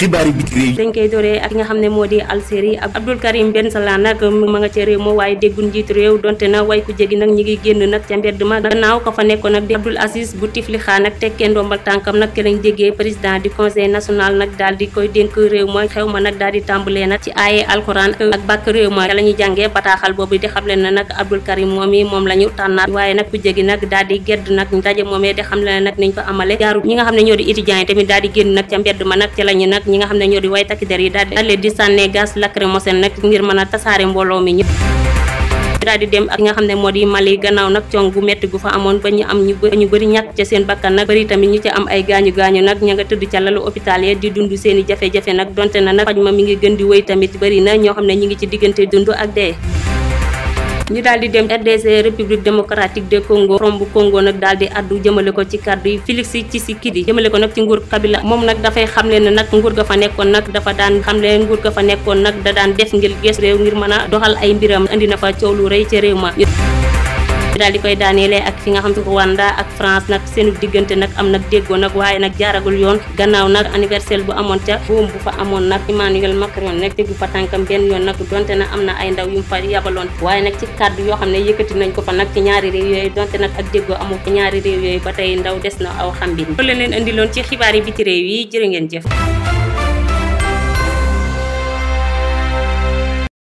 xibaari biti réew dañ koy doree ak nga xam ne moo di Algérie ak Karim Ben Salah nag ma nga ca réew ma waaye déggul njiitu réew na way ku ma di Abdoul di koy dénk réew ma xew ma nag daal di tàmbalee nag ci aaye alxuraan ak bàkk réew ma la ñuy jàngee bataaxal boobu di xamle na nag Abdoul Karim moom yi moom la tànnaat waaye nag ku jégi nag daal gedd nag ndaje moomee di xamle ne nag niñ ko amale jaaru ñi nga xam ne ñoo di étudiants yi tamit daal di génn nag ca mbedd ma nag ca lañu nag ñi nga xam ne ñoo di way takk der yi daal di sànnee gaz lacrymogène nag ngir mën a tasaare mbooloo mi ñëpp daal dem ak nga xam ne moo di Mali gannaaw nag cong bu metti gu fa amoon ba ñu am ñu ñu bëri ñàkk ca seen bakkan nag bëri tamit ñu ca am ay gaañu gaañu nag ña nga tëdd ca lalu hôpital ya di dund seen i jafe-jafe nag donte na nag faj ma mi ngi gën di woy tamit bëri na ñoo xam ne ñu ngi ci diggante dund ak dee ñu daal di dem RDC République démocratique de Congo from bu Congo nag daal di addu jëmale ko ci kàddu yi Félix Tshisekedi jëmale ko nag ci nguur Kabila moom nag dafay xamle ne nag nguur ga fa nekkoon nag dafa daan xamle nguur ga fa nekkoon nag da daan def ngir gees réew ngir mën a doxal ay mbiram indi na fa coow lu rëy ca réew ma daal di koy daaneelee ak fi nga xam ne Rwanda ak France nag seenu diggante nag am nag déggoo nag waaye nag jaaragul yoon gannaaw nag anniversaire bu amoon ca boom bu fa amoon nag Emmanuel Macron nag tegu fa tànkam benn yoon nag donte na am na ay ndaw yu mu fa yabaloon waaye nag ci kàddu yoo xam ne yëkkati nañ ko fa nag ci ñaari réew yooyu donte nag ak déggoo amu ñaari réew yooyu ba tey ndaw des na aw xam bi loolu leen indi loon ci xibaar yi biti réew yi jërë ngeen jëf